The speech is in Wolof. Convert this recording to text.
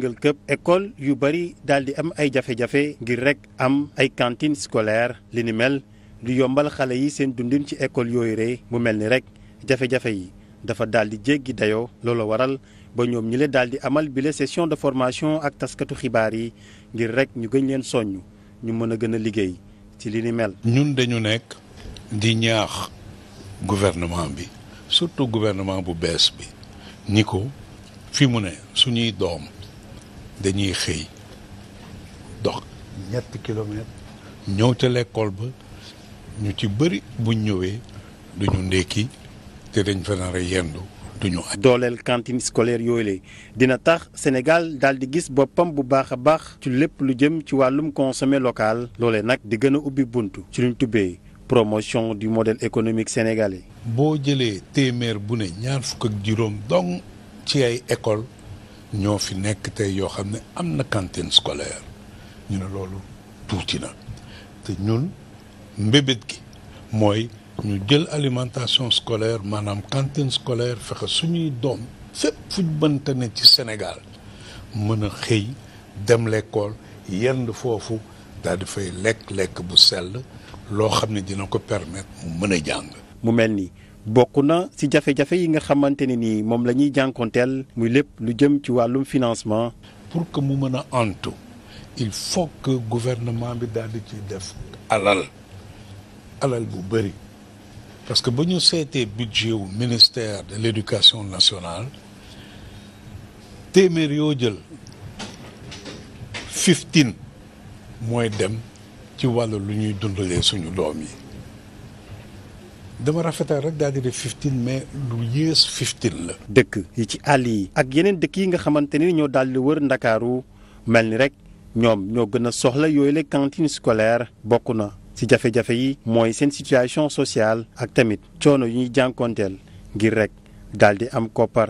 wërngal këpp école yu bëri daal di am ay jafe-jafe ngir rek am ay cantine scolaire li ni mel du yombal xale yi seen dundin ci école yooyu rey mu mel ni rek jafe-jafe yi dafa daal di jéggi dayoo loolu waral ba ñoom ñi le daal di amal bile session de formation ak taskatu xibaar yi ngir rek ñu gën leen soññ ñu mën a gën a liggéey ci li ni mel. ñun dañu nekk di ñaax gouvernement bi surtout gouvernement bu bees bi ni ko fi mu ne suñuy doom. dañuy xëy dox ñetti kilomètre ñëw ca lekkool ba ñu ci bëri buñ ñëwee duñu ndékki te dañ fa nar a yendu duñu añ dooleel cantine scolaire yooyu la dina tax Sénégal daal di gis boppam bu baax a baax ci lépp lu jëm ci wàllum consommé local loole nag di gën a ubbi buntu ci luñ tubbee promotion du modèle économique sénégalais. boo jëlee téeméer bu ne ñaar fukk ak juróom dong ci ay école ñoo fi nekk tey yoo xam ne am na cantine scolaire ñu ne loolu tuuti na te ñun mbébét gi mooy ñu jël alimentation scolaire maanaam cantine scolaire fexe suñuy doom fépp fuñ mënta ne ci Sénégal mën a xëy dem lekkool yenn foofu daal di fay lekk lekk bu sell loo xam ne dina ko permettre mu mën a jàng. mu mel ni. bokk na si jafe-jafe yi nga xamante ne ni moom la ñuy jànkonteel muy lépp lu jëm ci wàllum financement. pour que mu mën a antu il faut que gouvernement bi daal di ci def alal alal bu bëri parce que ba ñu seetee budget wu ministère de l'éducation nationale téeméer yoo jël fifteen mooy dem ci wàll lu ñuy dundalee suñu doom yi. dama rafetal rek daal di def 15 mais lu yées 15 la. dëkk yi ci àll yi. ak yeneen dëkk yi nga xamante ni ñoo daal di wër ndakaaru mel ni rek ñoom ñoo gën a soxla yooyu la cantine scolaire bokk na ci jafe-jafe yi. mooy seen situation sociale ak tamit coono yu ñuy jànkoonteel ngir rek daal di am koppar.